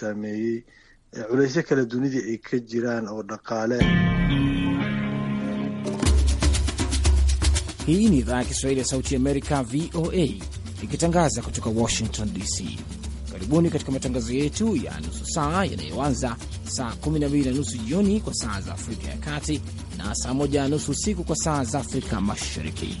saameeyey ee, culaysyo kale dunidii ay ka jiraan oo dhaqaale. Hii ni idhaa ya Kiswahili ya Sauti Amerika, VOA, ikitangaza kutoka Washington DC. Karibuni katika matangazo yetu ya nusu saa yanayoanza saa 12 na nusu jioni kwa saa za Afrika ya Kati na saa 1 na nusu usiku kwa saa za Afrika Mashariki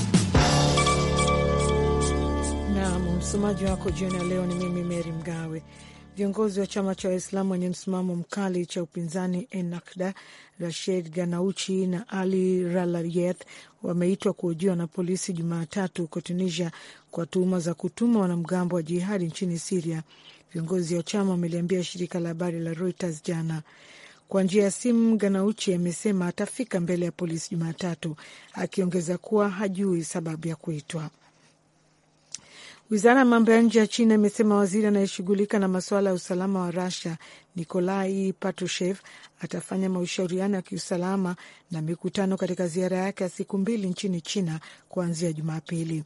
Msomaji wako jioni ya leo ni mimi Meri Mgawe. Viongozi wa chama cha Waislamu wenye msimamo mkali cha upinzani Ennahda, Rashid Ganauchi na Ali ralayeth wameitwa kuhojiwa na polisi Jumatatu huko Tunisia kwa tuhuma za kutuma wanamgambo wa jihadi nchini Siria. Viongozi wa chama wameliambia shirika la habari la Reuters jana kwa njia ya simu. Ganauchi amesema atafika mbele ya polisi Jumatatu, akiongeza kuwa hajui sababu ya kuitwa. Wizara ya mambo ya nje ya China imesema waziri anayeshughulika na masuala ya usalama wa Rusia Nikolai Patrushev atafanya mashauriano ya kiusalama na mikutano katika ziara yake ya siku mbili nchini China kuanzia Jumapili.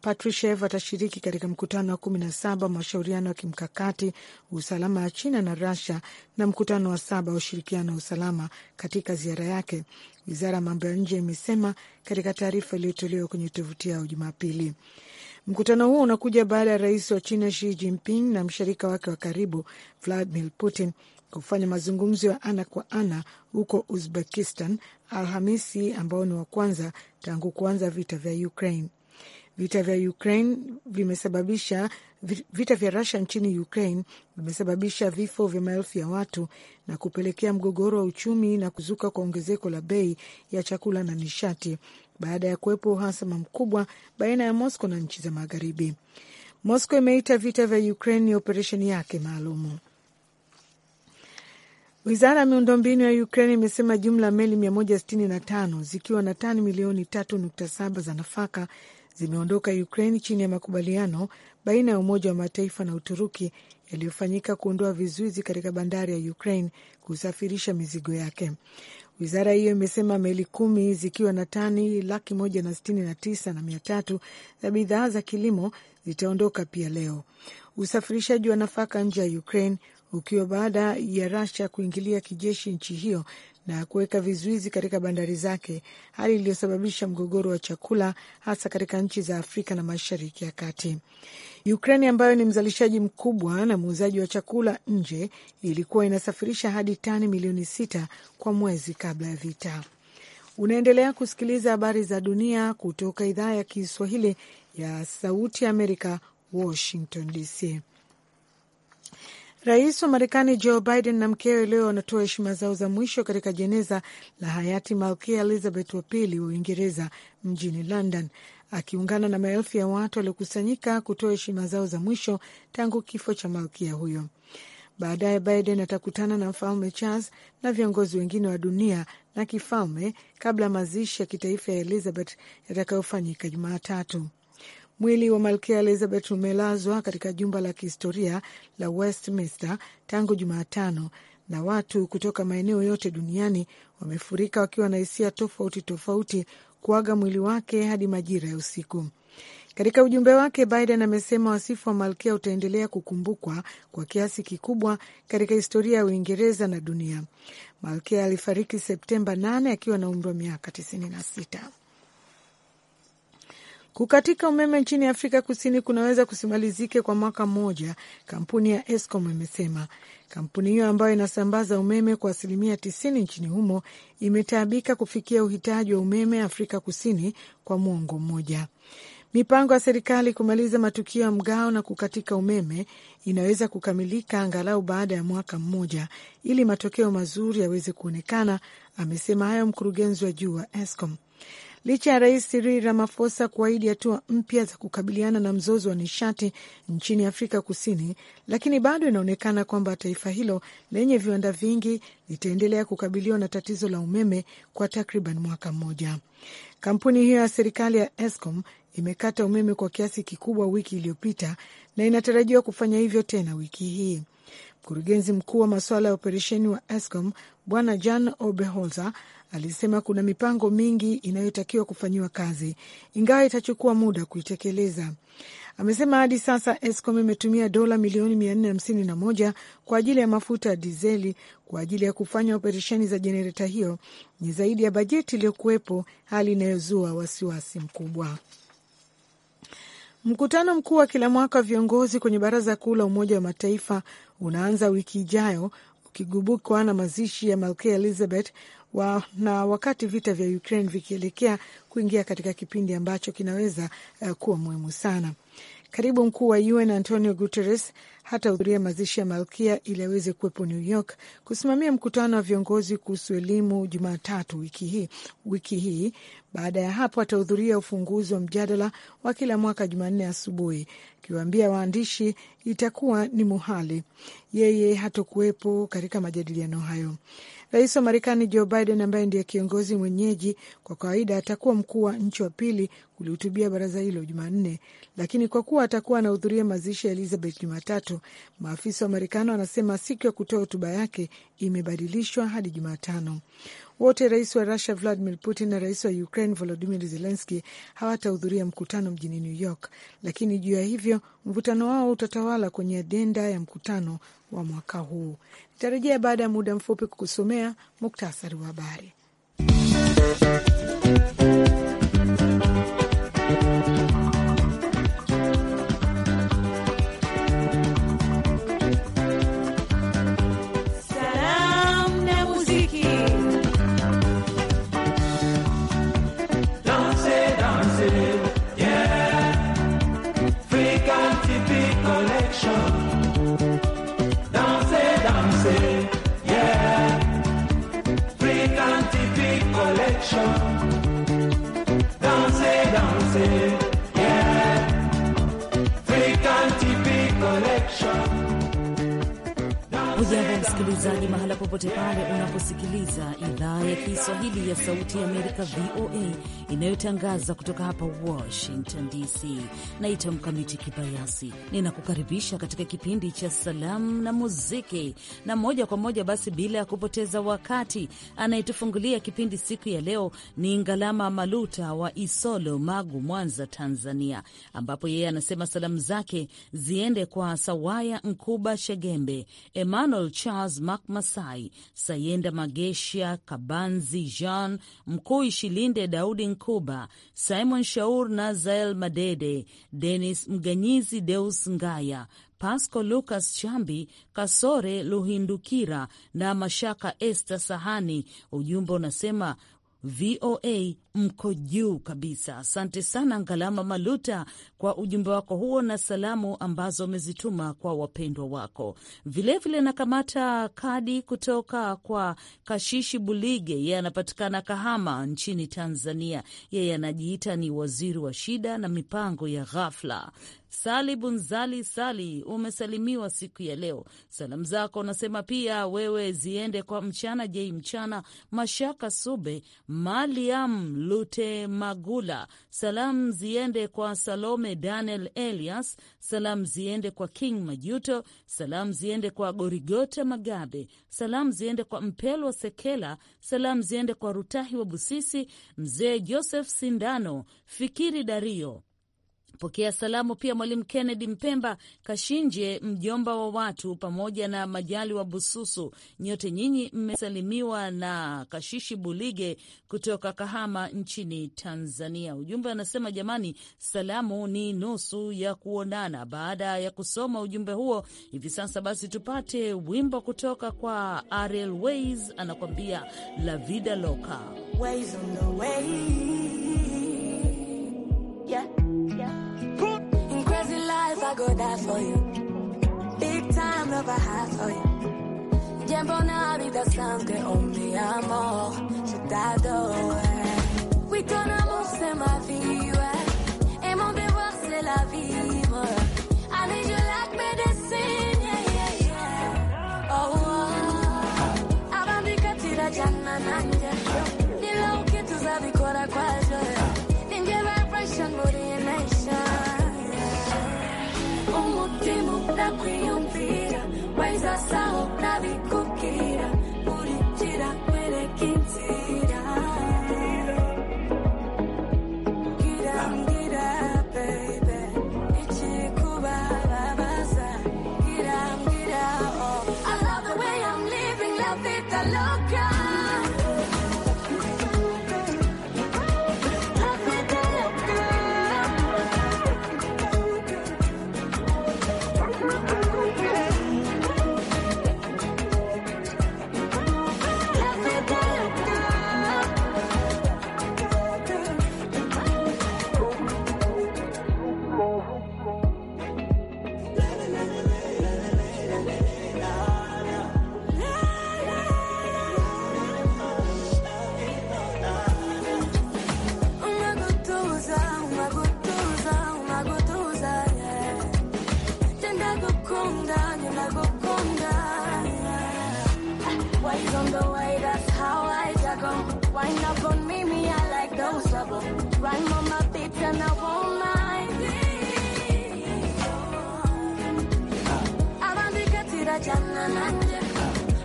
Patrushev atashiriki katika mkutano wa kumi na saba wa mashauriano ya kimkakati usalama ya China na Rusia na mkutano wa saba wa ushirikiano wa usalama katika ziara yake, wizara ya mambo ya nje imesema katika taarifa iliyotolewa kwenye tovuti yao Jumapili. Mkutano huo unakuja baada ya rais wa China Xi Jinping na mshirika wake wa karibu Vladimir Putin kufanya mazungumzo ya ana kwa ana huko Uzbekistan Alhamisi, ambao ni wa kwanza tangu kuanza vita vya Ukraine. Vita vya Ukraine vimesababisha vita vya Rusia nchini Ukraine vimesababisha vifo vya maelfu ya watu na kupelekea mgogoro wa uchumi na kuzuka kwa ongezeko la bei ya chakula na nishati baada ya kuwepo uhasama mkubwa baina ya Moscow na nchi za Magharibi. Moscow imeita vita vya Ukraine ni operesheni yake maalumu. Wizara ya miundombinu ya Ukraine imesema jumla meli 165 zikiwa na tani milioni 3.7 za nafaka zimeondoka Ukraine chini ya makubaliano baina ya Umoja wa Mataifa na Uturuki yaliyofanyika kuondoa vizuizi katika bandari ya Ukraine kusafirisha mizigo yake. Wizara hiyo imesema meli kumi zikiwa na tani laki moja na sitini na tisa na mia tatu za bidhaa za kilimo zitaondoka pia leo. Usafirishaji wa nafaka nje ya Ukraine ukiwa baada ya rasha kuingilia kijeshi nchi hiyo na kuweka vizuizi katika bandari zake, hali iliyosababisha mgogoro wa chakula hasa katika nchi za Afrika na Mashariki ya Kati. Ukraine ambayo ni mzalishaji mkubwa na muuzaji wa chakula nje ilikuwa inasafirisha hadi tani milioni sita kwa mwezi kabla ya vita. Unaendelea kusikiliza habari za dunia kutoka idhaa ya Kiswahili ya Sauti ya Amerika, Washington DC. Rais wa Marekani Joe Biden na mkewe leo wanatoa heshima zao za mwisho katika jeneza la hayati Malkia Elizabeth wa pili wa Uingereza mjini London, akiungana na maelfu ya watu waliokusanyika kutoa heshima zao za mwisho tangu kifo cha malkia huyo. Baadaye Biden atakutana na mfalme Charles na viongozi wengine wa dunia na kifalme kabla mazishi ya kitaifa ya Elizabeth yatakayofanyika Jumatatu. Mwili wa malkia Elizabeth umelazwa katika jumba la kihistoria la Westminster tangu Jumatano, na watu kutoka maeneo yote duniani wamefurika wakiwa na hisia tofauti tofauti kuaga mwili wake hadi majira ya usiku. Katika ujumbe wake, Biden amesema wasifu wa malkia utaendelea kukumbukwa kwa kiasi kikubwa katika historia ya Uingereza na dunia. Malkia alifariki Septemba 8 akiwa na umri wa miaka 96. Kukatika umeme nchini Afrika Kusini kunaweza kusimalizike kwa mwaka mmoja, kampuni ya Eskom imesema. Kampuni hiyo ambayo inasambaza umeme kwa asilimia 90 nchini humo imetaabika kufikia uhitaji wa umeme Afrika Kusini kwa mwongo mmoja. Mipango ya serikali kumaliza matukio ya mgao na kukatika umeme inaweza kukamilika angalau baada ya mwaka mmoja, ili matokeo mazuri yaweze kuonekana. Amesema hayo mkurugenzi wa juu wa Eskom licha ya Rais Cyril Ramaphosa kuahidi hatua mpya za kukabiliana na mzozo wa nishati nchini Afrika Kusini, lakini bado inaonekana kwamba taifa hilo lenye viwanda vingi litaendelea kukabiliwa na tatizo la umeme kwa takriban mwaka mmoja. Kampuni hiyo ya serikali ya Eskom imekata umeme kwa kiasi kikubwa wiki iliyopita na inatarajiwa kufanya hivyo tena wiki hii. Mkurugenzi mkuu wa masuala ya operesheni wa ESCOM Bwana Jan Oberholzer alisema kuna mipango mingi inayotakiwa kufanyiwa kazi, ingawa itachukua muda kuitekeleza. Amesema hadi sasa ESCOM imetumia dola milioni 451 kwa ajili ya mafuta ya dizeli kwa ajili ya kufanya operesheni za jenereta hiyo, ni zaidi ya bajeti iliyokuwepo, hali inayozua wasiwasi mkubwa. Mkutano mkuu wa kila mwaka wa viongozi kwenye Baraza Kuu la Umoja wa Mataifa unaanza wiki ijayo ukigubukwa na mazishi ya Malkia Elizabeth wa, na wakati vita vya Ukraine vikielekea kuingia katika kipindi ambacho kinaweza uh, kuwa muhimu sana. karibu mkuu wa UN Antonio Guterres hatahudhuria mazishi ya malkia ili aweze kuwepo New York kusimamia mkutano wa viongozi kuhusu elimu Jumatatu wiki hii wiki hii. Baada ya hapo, atahudhuria ufunguzi wa mjadala wa kila mwaka Jumanne asubuhi, akiwaambia waandishi itakuwa ni muhali yeye hatokuwepo katika majadiliano hayo. Rais wa Marekani Joe Biden ambaye ndiye kiongozi mwenyeji kwa kawaida atakuwa mkuu wa nchi wa pili kulihutubia baraza hilo Jumanne, lakini kwa kuwa atakuwa anahudhuria mazishi ya Elizabeth Jumatatu Jumatatu. Maafisa wa Marekani wanasema siku ya kutoa hotuba yake imebadilishwa hadi Jumatano. Wote rais wa Rusia Vladimir Putin na rais wa Ukraine Volodimir Zelenski hawatahudhuria mkutano mjini New York, lakini juu ya hivyo mvutano wao utatawala kwenye ajenda ya mkutano wa mwaka huu. Nitarejea baada ya muda mfupi kukusomea muktasari wa habari. msikilizaji, mahala popote pale unaposikiliza idhaa ya Kiswahili ya Sauti ya Amerika, VOA, inayotangaza kutoka hapa Washington DC. Naitwa Mkamiti Kibayasi, ninakukaribisha katika kipindi cha Salamu na Muziki na moja kwa moja. Basi bila ya kupoteza wakati, anayetufungulia kipindi siku ya leo ni Ngalama Maluta wa Isolo, Magu, Mwanza, Tanzania, ambapo yeye anasema salamu zake ziende kwa Sawaya Mkuba Shegembe, Emmanuel Charles Mark Masai, Sayenda Magesha, Kabanzi Jean, Mkuu Ishilinde, Daudi Nkuba, Simon Shaur, Nazael Madede, Denis Mganyizi, Deus Ngaya, Pasco Lucas Chambi, Kasore Luhindukira na Mashaka Esther Sahani. Ujumbe unasema VOA mko juu kabisa. Asante sana Ngalama Maluta kwa ujumbe wako huo na salamu ambazo amezituma kwa wapendwa wako. Vilevile vile nakamata kadi kutoka kwa Kashishi Bulige, yeye anapatikana Kahama nchini Tanzania. Yeye anajiita ni waziri wa shida na mipango ya ghafla. Sali Bunzali Sali, umesalimiwa siku ya leo. Salamu zako unasema pia wewe ziende kwa Mchana Jei, Mchana Mashaka Sube, Maliam Lute Magula. Salamu ziende kwa Salome Daniel Elias, salamu ziende kwa King Majuto, salamu ziende kwa Gorigota Magabe, salamu ziende kwa Mpelwa Sekela, salamu ziende kwa Rutahi wa Busisi, Mzee Joseph Sindano, Fikiri Dario Pokea salamu pia Mwalimu Kennedy Mpemba Kashinje, mjomba wa watu, pamoja na Majali wa Bususu. Nyote nyinyi mmesalimiwa na Kashishi Bulige kutoka Kahama nchini Tanzania. Ujumbe anasema jamani, salamu ni nusu ya kuonana. Baada ya kusoma ujumbe huo, hivi sasa basi tupate wimbo kutoka kwa Ariel Ways, anakuambia la vida loca Ways on the way. go die for you. Big time love I have for you. Jambo na vida samke only amo. Chutado. Oui, ton amour, c'est ma vie, ouais. Et mon devoir, c'est la vivre. Allez, je lac mes dessins, yeah, yeah, yeah. Oh, oh. Avant de que tu la janananja. Ni lo que tu sabes, quoi, quoi, era eu mas a saudade tá Wind up on me, me, I like those trouble. Rhyme on my beats and I won't mind. Abandika tira chana nanje.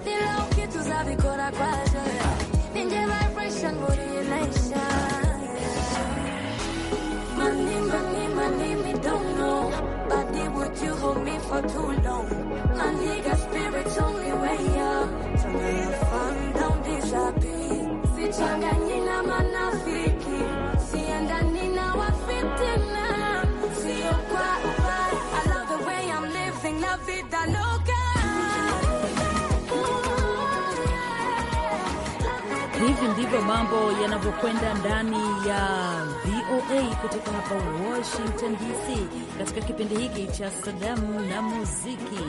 Nila ukitu za vikora kwa joya. Ninje vibration, body nation. Money, money, money, me don't know. Body, would you hold me for too long? My nigga spirit's only way up. To me, fun, don't disappear. sijichanganye na manafiki, siendani na wafitina, sio kwa ubaya. I love the way I'm living la vida loca. Hivi ndivyo mambo yanavyokwenda ndani ya VOA kutoka hapa Washington DC, katika kipindi hiki cha salamu na muziki.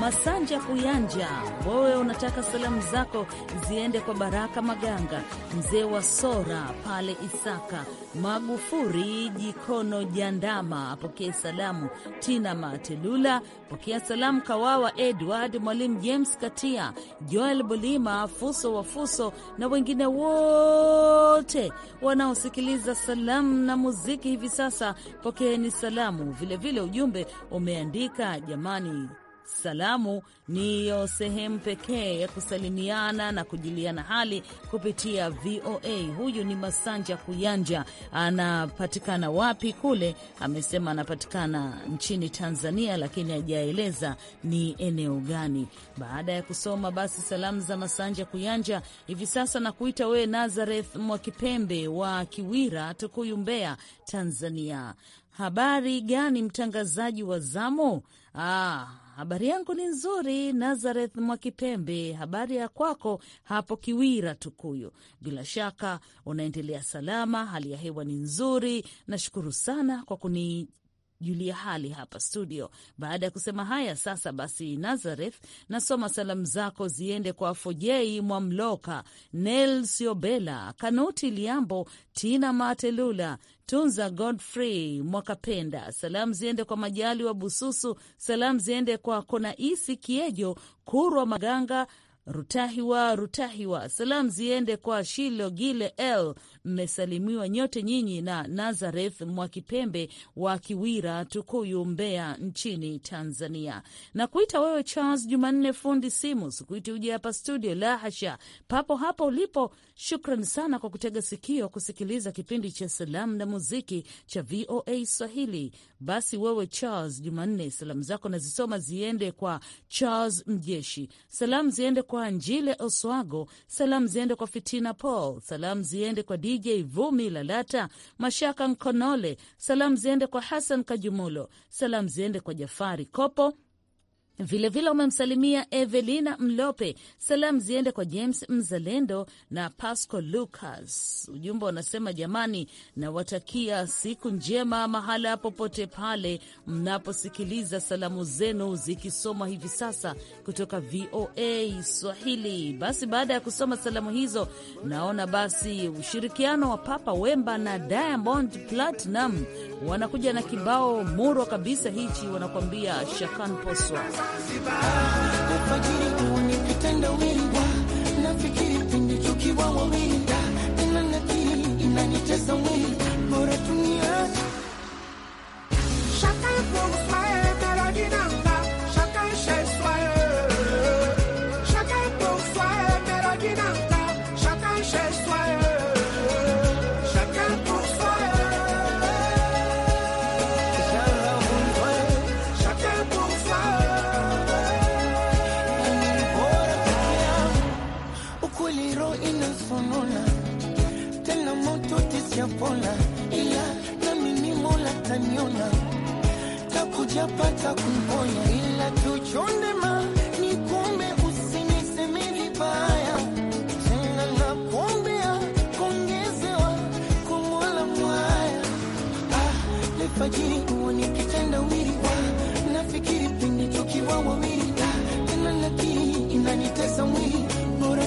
Masanja Kuyanja, wewe unataka salamu zako ziende kwa Baraka Maganga, mzee wa Sora pale Isaka, Magufuri Jikono Jandama apokee salamu, Tina Matelula pokea salamu, Kawawa Edward, Mwalimu James Katia, Joel Bulima, Fuso wa Fuso na wengine wote wanaosikiliza salamu na muziki hivi sasa. Pokeeni salamu vilevile, vile ujumbe umeandika jamani Salamu niyo sehemu pekee ya kusalimiana na kujuliana hali kupitia VOA. Huyu ni Masanja Kuyanja, anapatikana wapi? Kule amesema anapatikana nchini Tanzania, lakini hajaeleza ni eneo gani. Baada ya kusoma basi salamu za Masanja Kuyanja, hivi sasa nakuita wewe Nazareth Mwakipembe wa Kiwira, Tukuyu, Mbeya, Tanzania. Habari gani mtangazaji wa zamu? Ah, habari yangu ni nzuri. Nazareth Mwakipembe, habari ya kwako hapo Kiwira, Tukuyu? Bila shaka unaendelea salama, hali ya hewa ni nzuri. Nashukuru sana kwa kuni julia hali hapa studio. Baada ya kusema haya, sasa basi, Nazareth, nasoma salamu zako ziende kwa Fojei Mwamloka, nelsiobela Kanuti Liambo, Tina Matelula, Tunza Godfrey Mwakapenda. Salamu ziende kwa Majali wa Bususu. Salamu ziende kwa Konaisi Kiejo, Kurwa Maganga, Rutahiwa Rutahiwa. Salamu ziende kwa Shilo Gile L mmesalimiwa nyote nyinyi na Nazareth Mwakipembe wa Kiwira, Tukuyu, Mbeya nchini Tanzania. Na kuita wewe Charles Jumanne fundi simu, sikuiti uje hapa studio, la hasha, papo hapo ulipo. Shukran sana kwa kutega sikio kusikiliza kipindi cha salamu na muziki cha VOA Swahili. Basi wewe Charles Jumanne, salamu zako nazisoma ziende kwa Charles Mjeshi, salamu ziende kwa Njile Oswago, salamu ziende kwa Fitina Paul, salamu ziende kwa D DJ Vumi Lalata, Mashaka Nkonole. Salamu ziende kwa Hassan Kajumulo, salamu ziende kwa Jafari Kopo Vilevile wamemsalimia Evelina Mlope. Salamu ziende kwa James Mzalendo na Pasco Lucas. Ujumbe unasema jamani, nawatakia siku njema mahala popote pale mnaposikiliza salamu zenu zikisomwa hivi sasa kutoka VOA Swahili. Basi baada ya kusoma salamu hizo, naona basi ushirikiano wa Papa Wemba na Diamond Platinum wanakuja na kibao murwa kabisa hichi, wanakuambia shakan poswa Nafikiri uwe nipitenda wili wa nafikiri pindi tukiwa wawili utakuponya, ila tuchunde ma ni kumbe, usiniseme vibaya tena, nakuombea kuongezewa kumola mwaya. Ah, lefajiri wili nafikiri pindi tukiwa wawili tena, lakini inanitesa mwili, bora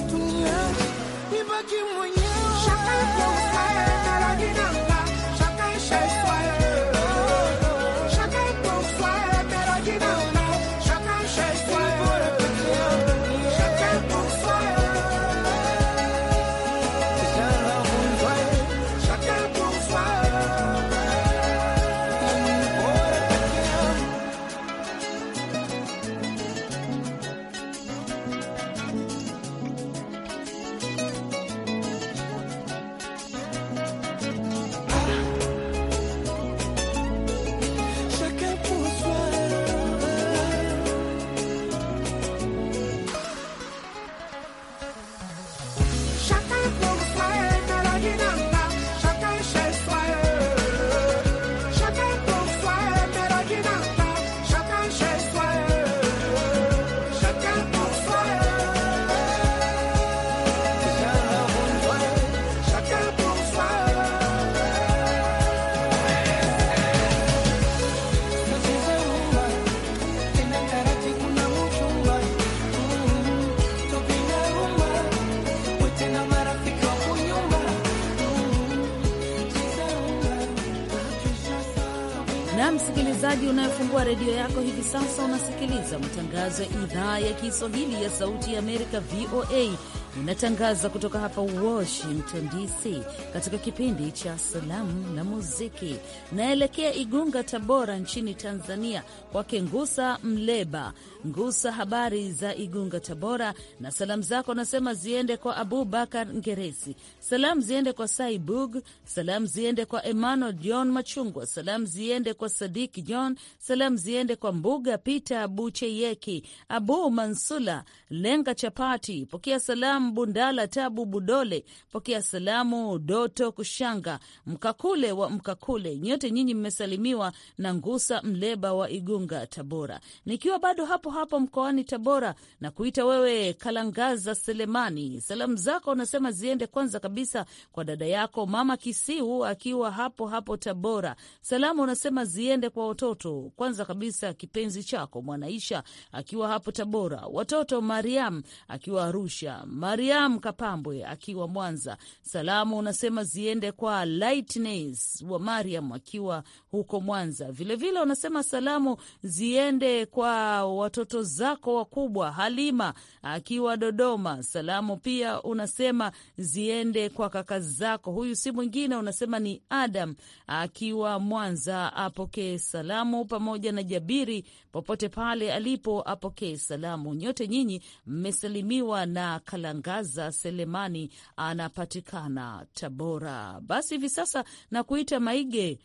Fungua redio yako hivi sasa, unasikiliza matangazo ya idhaa ya Kiswahili ya Sauti ya Amerika, VOA inatangaza kutoka hapa Washington DC katika kipindi cha salamu na muziki. Naelekea Igunga, Tabora nchini Tanzania, kwake Ngusa Mleba. Ngusa, habari za Igunga, Tabora? Na salamu zako nasema ziende kwa Abubakar Ngeresi, salamu ziende kwa Saibug, salamu ziende kwa Emmanuel John Machungwa, salamu ziende kwa Sadiki John, salamu ziende kwa Mbuga Peter Bucheyeki, Abu Mansula Lenga Chapati. Pokea salamu Salamu Bundala Tabu Budole, pokea salamu Doto Kushanga Mkakule wa Mkakule, nyote nyinyi mmesalimiwa na Ngusa Mleba wa Igunga, Tabora. Nikiwa bado hapo hapo mkoani Tabora na kuita wewe Kalangaza Selemani, salamu zako unasema ziende kwanza kabisa kwa dada yako mama Kisiu akiwa hapo hapo Tabora. Salamu unasema ziende kwa watoto kwanza kabisa, kipenzi chako Mwanaisha akiwa hapo Tabora, watoto Mariam akiwa Arusha, Mar Mariam Kapambwe akiwa Mwanza. Salamu unasema ziende kwa Lightness wa Mariam akiwa huko Mwanza. Vilevile unasema salamu ziende kwa watoto zako wakubwa Halima akiwa Dodoma. Salamu pia unasema ziende kwa kaka zako, huyu si mwingine, unasema ni Adam akiwa Mwanza, apokee salamu pamoja na Jabiri popote pale alipo, apokee salamu. Nyote nyinyi mmesalimiwa na Kalanga Mwangaza Selemani anapatikana Tabora. Basi hivi sasa na kuita Maige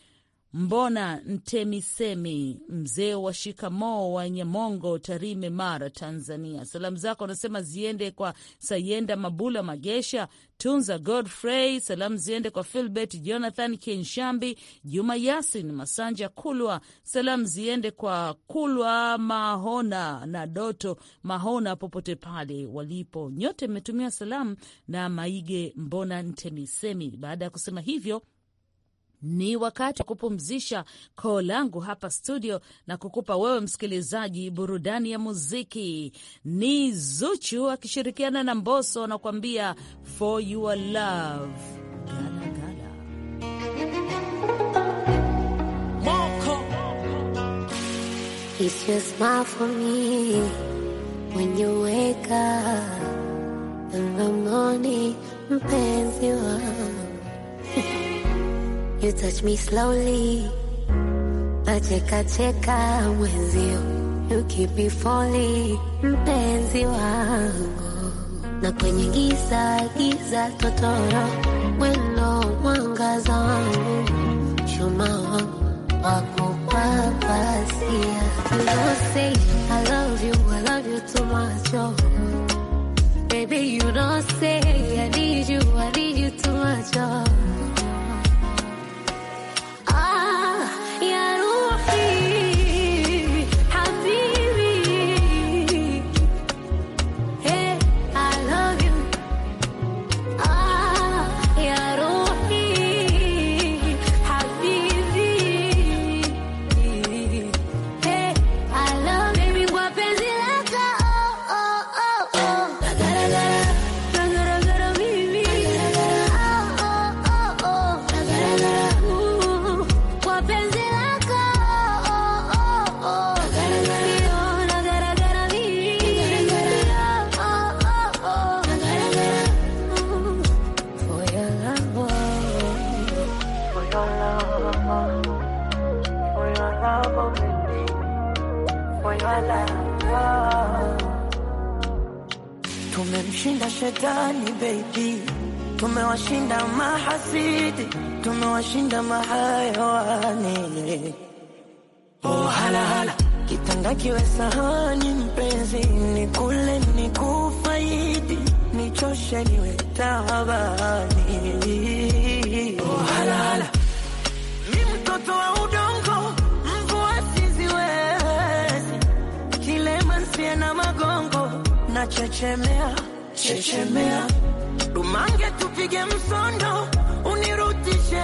Mbona Ntemisemi, mzee wa shikamoo wa Nyamongo, Tarime, Mara, Tanzania. Salamu zako anasema ziende kwa Sayenda Mabula Magesha, Tunza Godfrey. Salamu ziende kwa Filbert Jonathan Kenshambi, Juma Yasin Masanja Kulwa. Salamu ziende kwa Kulwa Mahona na Doto Mahona popote pale walipo. Nyote mmetumia salamu na Maige Mbona Ntemisemi. Baada ya kusema hivyo ni wakati wa kupumzisha koo langu hapa studio na kukupa wewe msikilizaji burudani ya muziki. Ni Zuchu akishirikiana na mboso anakuambia for your love smile for me when you wake up in the morning, mpenzi wangu You touch me slowly, i cheka mwenzio, you keep me falling, mpenzi wangu, na kwenye giza giza totoro, weno mwangaza wangu, chuma wangu wako kwa pasia. You say I love you, I love you too much, oh. Baby you don't say I need you, I need you too much, oh. mpenzi, oh, hala, hala. Kitanda kiwe sahani mpenzi, nikule nikufaidi, nichoshe niwe tabani, oh, hala, hala. Ni mtoto wa udongo, mvua siziwezi, kilema nsie na magongo, na chechemea chechemea, dumange tupige msondo, unirutishe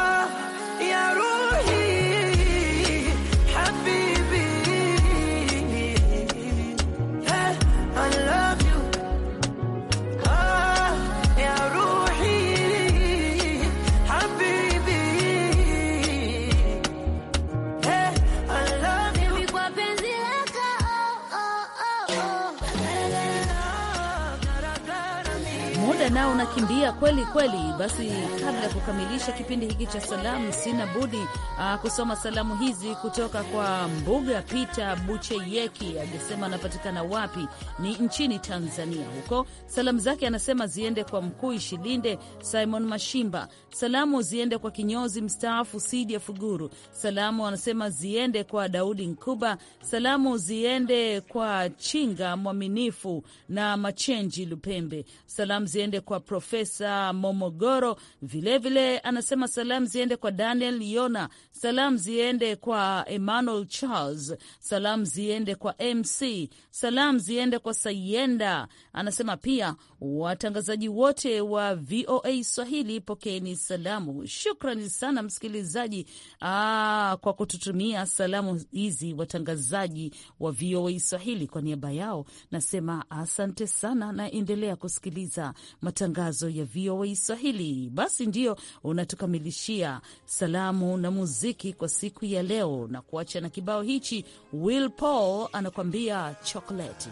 kweli. Basi, kabla ya kukamilisha kipindi hiki cha salamu, sina budi uh, kusoma salamu hizi kutoka kwa Mbuga Peter Bucheyeki. Ajasema anapatikana wapi, ni nchini Tanzania huko. Salamu zake anasema ziende kwa Mkuu Ishilinde Simon Mashimba, salamu ziende kwa kinyozi mstaafu Sidia Fuguru, salamu anasema ziende kwa Daudi Nkuba, salamu ziende kwa Chinga Mwaminifu na Machenji Lupembe, salamu ziende kwa Profesa Momogoro. Vilevile vile, anasema salamu ziende kwa Daniel Yona, salamu ziende kwa Emmanuel Charles, salamu ziende kwa MC, salamu ziende kwa Sayenda. Anasema pia watangazaji wote wa VOA Swahili, pokeeni salamu. Shukrani sana msikilizaji aa, ah, kwa kututumia salamu hizi watangazaji wa VOA Swahili. Kwa niaba yao nasema asante sana, naendelea kusikiliza matangazo ya VOA Swahili. Basi ndio unatukamilishia salamu na muziki kwa siku ya leo, na kuacha na kibao hichi. Will Paul anakuambia chokoleti.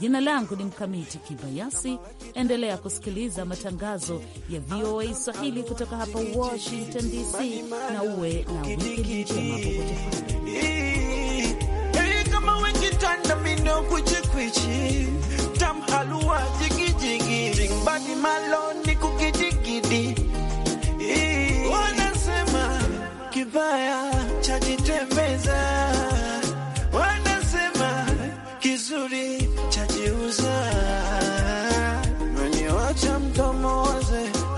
Jina langu ni Mkamiti Kibayasi. Endelea kusikiliza matangazo ya VOA Swahili kutoka hapa Washington DC, na uwe na wikendi njema popote pale.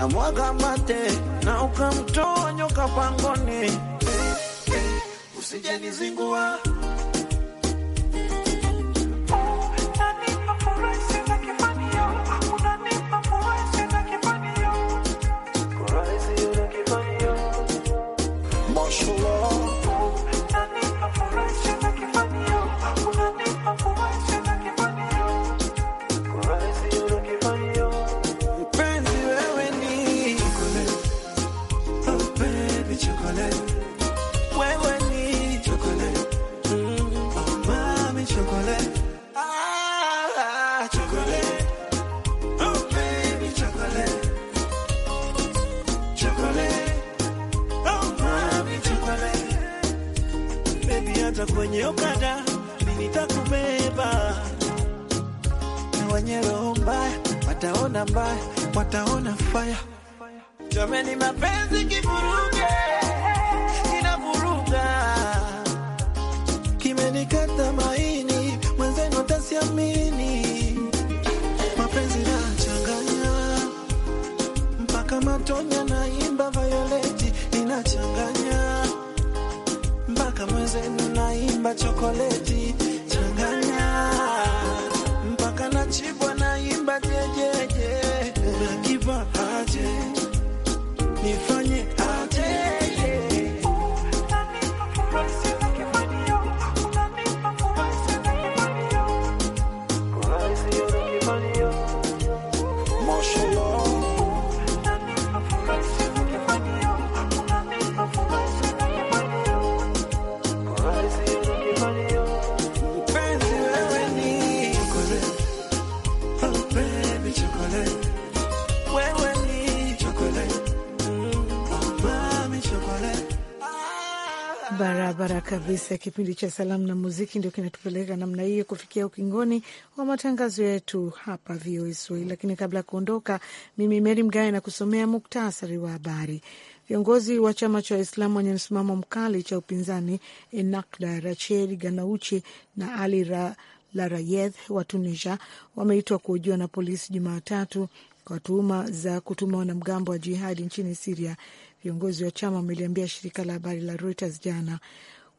ukamwaga mate na ukamtoa nyoka pangoni, hey, zingua na mbaya wataona faya. Jameni, mapenzi kivuruge, kinavuruga, kimenikata maini, mwenzenu atasiamini. Mapenzi nachanganya mpaka matonya, naimba Vayoleti inachanganya mpaka mwenzenu naimba chokoleti changanya kabisa. Kipindi cha salamu na muziki ndio kinatupeleka namna hiyo kufikia ukingoni wa matangazo yetu hapa VOA Swahili, lakini kabla ya kuondoka, mimi Meri Mgawe na kusomea muktasari wa habari. Viongozi wa chama cha Waislamu wenye msimamo mkali cha upinzani Ennahda Rachid Ganauchi na Ali Ra la Larayedh wa Tunisia wameitwa kuhojiwa na polisi Jumatatu kwa tuhuma za kutuma wanamgambo wa jihadi nchini Siria. Viongozi wa chama wameliambia shirika la habari la Reuters jana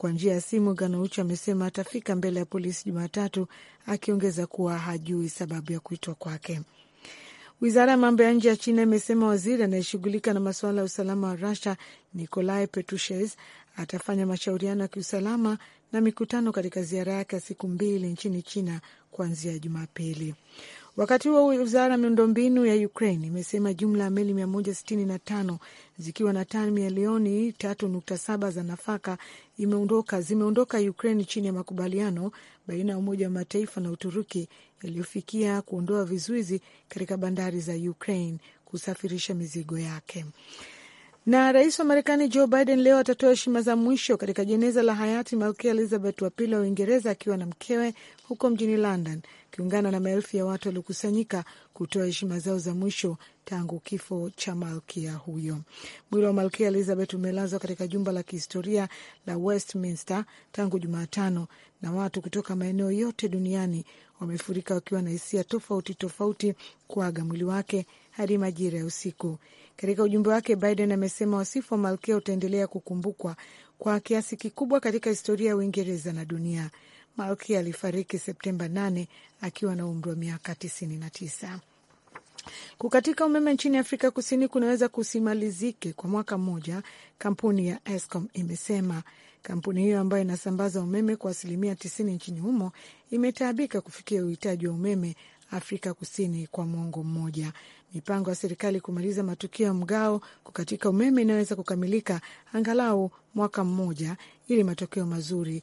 kwa njia ya simu, Ganouchi amesema atafika mbele ya polisi Jumatatu, akiongeza kuwa hajui sababu ya kuitwa kwake. Wizara ya mambo ya nje ya China imesema waziri anayeshughulika na masuala ya usalama wa Rusia, Nikolai Petrushev, atafanya mashauriano ya kiusalama na mikutano katika ziara yake ya siku mbili nchini China kuanzia Jumapili. Wakati huo wizara ya miundombinu ya Ukraine imesema jumla ya meli 165 zikiwa na tani milioni 3.7 za nafaka imeondoka zimeondoka Ukraine chini ya makubaliano baina ya Umoja wa Mataifa na Uturuki yaliyofikia kuondoa vizuizi katika bandari za Ukraine kusafirisha mizigo yake. Na rais wa Marekani Joe Biden leo atatoa heshima za mwisho katika jeneza la hayati Malkia Elizabeth wa pili wa Uingereza akiwa na mkewe huko mjini London akiungana na maelfu ya watu waliokusanyika kutoa heshima zao za mwisho tangu kifo cha malkia huyo. Mwili wa malkia Elizabeth umelazwa katika jumba la kihistoria la Westminster tangu Jumatano, na watu kutoka maeneo yote duniani wamefurika wakiwa na hisia tofauti tofauti kuaga mwili wake hadi majira ya usiku. Katika ujumbe wake, Biden amesema wasifu wa malkia utaendelea kukumbukwa kwa kiasi kikubwa katika historia ya Uingereza na dunia. Malkia alifariki Septemba 8 akiwa na umri wa miaka 99. Kukatika umeme nchini Afrika Kusini kunaweza kusimalizike kwa mwaka mmoja, kampuni ya Eskom imesema. Kampuni hiyo ambayo inasambaza umeme kwa asilimia tisini nchini humo imetaabika kufikia uhitaji wa umeme Afrika Kusini kwa mwongo mmoja. Mipango ya serikali kumaliza matukio ya mgao kukatika umeme inaweza kukamilika angalau mwaka mmoja, ili matokeo mazuri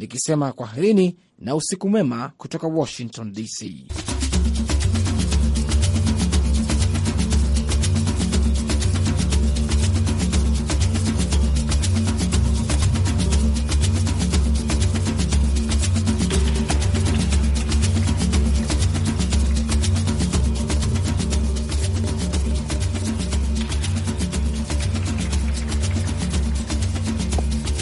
nikisema kwaherini na usiku mwema kutoka Washington DC.